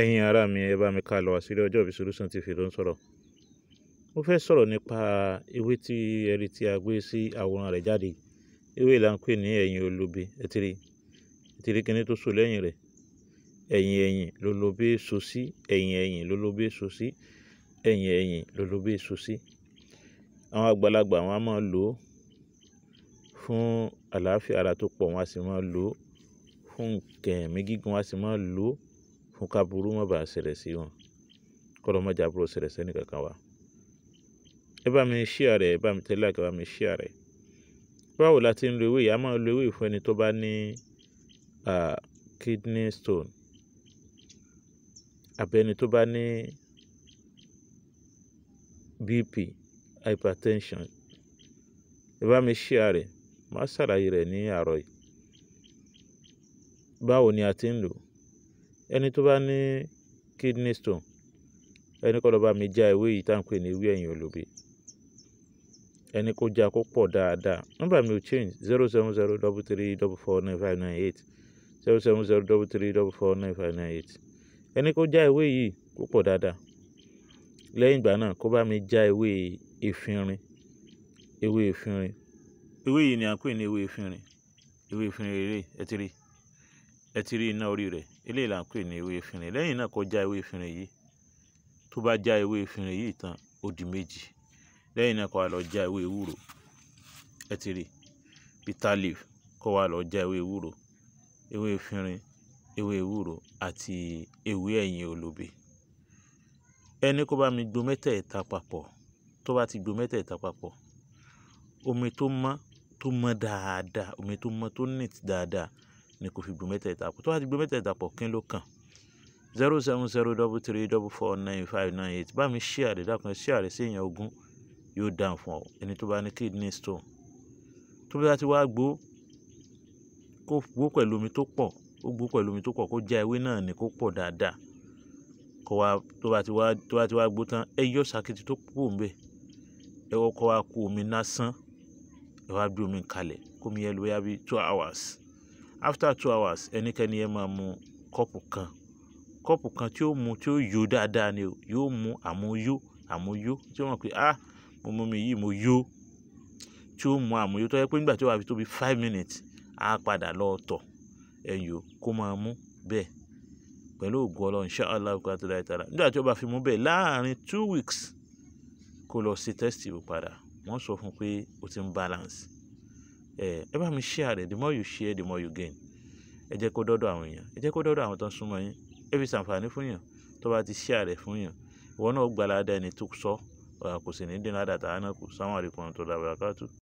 ẹ̀yin ará mi ẹ bá mi ká lọ àṣírí ọjọ́ ìbí solution TV ló ń sọ̀rọ̀ mo fẹ́ sọ̀rọ̀ nípa ewé tí ẹ̀rí tí a gbé sí àwòrán rẹ̀ jáde ewé là ń pè ní ẹ̀yìn olóbe ẹtìrí ẹtìrí kíní tó so lẹ́yìn rẹ̀ ẹ̀yìn ẹ̀yìn lólobé so sí ẹ̀yìn ẹ̀yìn lólobé so sí ẹ̀yìn ẹ̀yìn lólobé so sí àwọn àgbàlagbà wọn a máa lò ó fún àlàáfíà ara tó pọ̀ wọn a sì máa lò ó fún kẹ̀mí gígùn wọn a sì máa lò ó dákun ká burú má bàa ṣẹlẹ̀ sí wọn kọ́lọ́ má jà burú ṣẹlẹ̀ sẹ́ni kankan wa. ẹ bá mi share rẹ̀ ẹ bá mi tẹ like ẹ bá mi share rẹ̀ báwo la ti ń lo ewé yìí a máa lo ewé yìí fún ẹni tó bá ní kidney stone àbẹ ẹni tó bá ní bp hypertension ẹ bá mi share rẹ̀ máa ṣàlàyé rẹ̀ ní àárọ̀ yìí báwo ni a ti ń lò ó ẹni tó bá ní kidney stone ẹni kọ́ lọ bá mi já ewé yìí tá à ń pè ní ewé ẹ̀yìn olóbi ẹni kó já kó pọ̀ dáadáa nọ́mbà mi ò change zero seven zero double three double four nine five nine eight zero seven zero double three double four nine five nine eight ẹni kó já ewé yìí kó pọ̀ dáadáa lẹ́yìn ìgbà náà kó bá mi já ewé efinrin ewé efinrin ewé yìí ni à ń pè ní ewé efinrin ewé efinrin eré ẹ ti rí i ẹ ti rí iná orí rẹ̀ eléyìí là ń pè ní ewé efinrin lẹ́yìn náà kó já ewé efinrin yìí tó bá já ewé efinrin yìí tán ó di méjì lẹ́yìn náà kó wá lọ já ewé ewúro ẹ ti rí bitter leaf kó wá lọ já ewé ewúro ewé efinrin ewé ewúro àti ewé ẹ̀yìn olóbe ẹni kó bá mi gbo mẹ́tẹ̀ẹ̀ta papọ̀ tó bá ti gbo mẹ́tẹ̀ẹ̀ta papọ̀ omi tó mọ́ tó mọ́ dáadáa omi tó mọ́ tó neat dáadáa ni kò fi gbò mẹ́tẹ̀ẹ̀ta pọ̀ tó bá ti gbò mẹ́tẹ̀ẹ̀ta pọ̀ kí n ló kàn zero seven zero double three double four nine five nine eight bá mi ṣí àrè dákun ẹ ṣí àrè sí èèyàn ogún yóò dáhùn fún ọ ẹni tó bá ní kidney stone tó bá ti wá gbó kó gbó pẹ̀lú omi tó pọ̀ ó gbó pẹ̀lú omi tó pọ̀ kó já ewé náà ní kó pọ̀ dáadáa kó wá tó bá ti wá tó bá ti wá gbó tán ẹ yọ sàkìtì tó kù ńbẹ ẹ kọ́ wá kó omi lásán ẹ wá bí omi kalẹ̀ kó mi yẹ lóyá bí two hours after two hours ẹnikẹ́ni ẹ máa mu kọ́ọ̀pù kan kọ́ọ̀pù kan tí ó mu tí ó yó dáadáa ni o yóò mu àmúyó àmúyó tí ó mọ̀ pé ah mo mú mi yìí mo yó tí ó mu àmúyó tó yẹ pé nígbà tí ó wà fi tóbi five minutes á padà lọ tọ̀ ẹ̀yìn o kó máa mú bẹ́ẹ̀ pẹ̀lú ògo ọlọ́run insha Allah kó àtúndà ìtara nígbà tí ó bá fi mú bẹ́ẹ̀ láàárín two weeks kó lọ ṣe test padà wọ́n sọ fún un pé ó ti ń balance ẹ bá mi share rẹ̀ the more you share the more you gain ẹ jẹ́ kó dọ́dọ̀ àwọn èèyàn ẹ jẹ́ kó dọ́dọ̀ àwọn tó ń súnmọ́ yín ẹ fi ṣàǹfààní fún yàn tó bá ti share rẹ̀ fún yàn ìwọ náà ó gbalada ẹni tó sọ kò sì ní dín ládàá tàwa náà kù sáwọn àríkùn tó dàbàrà káàtó.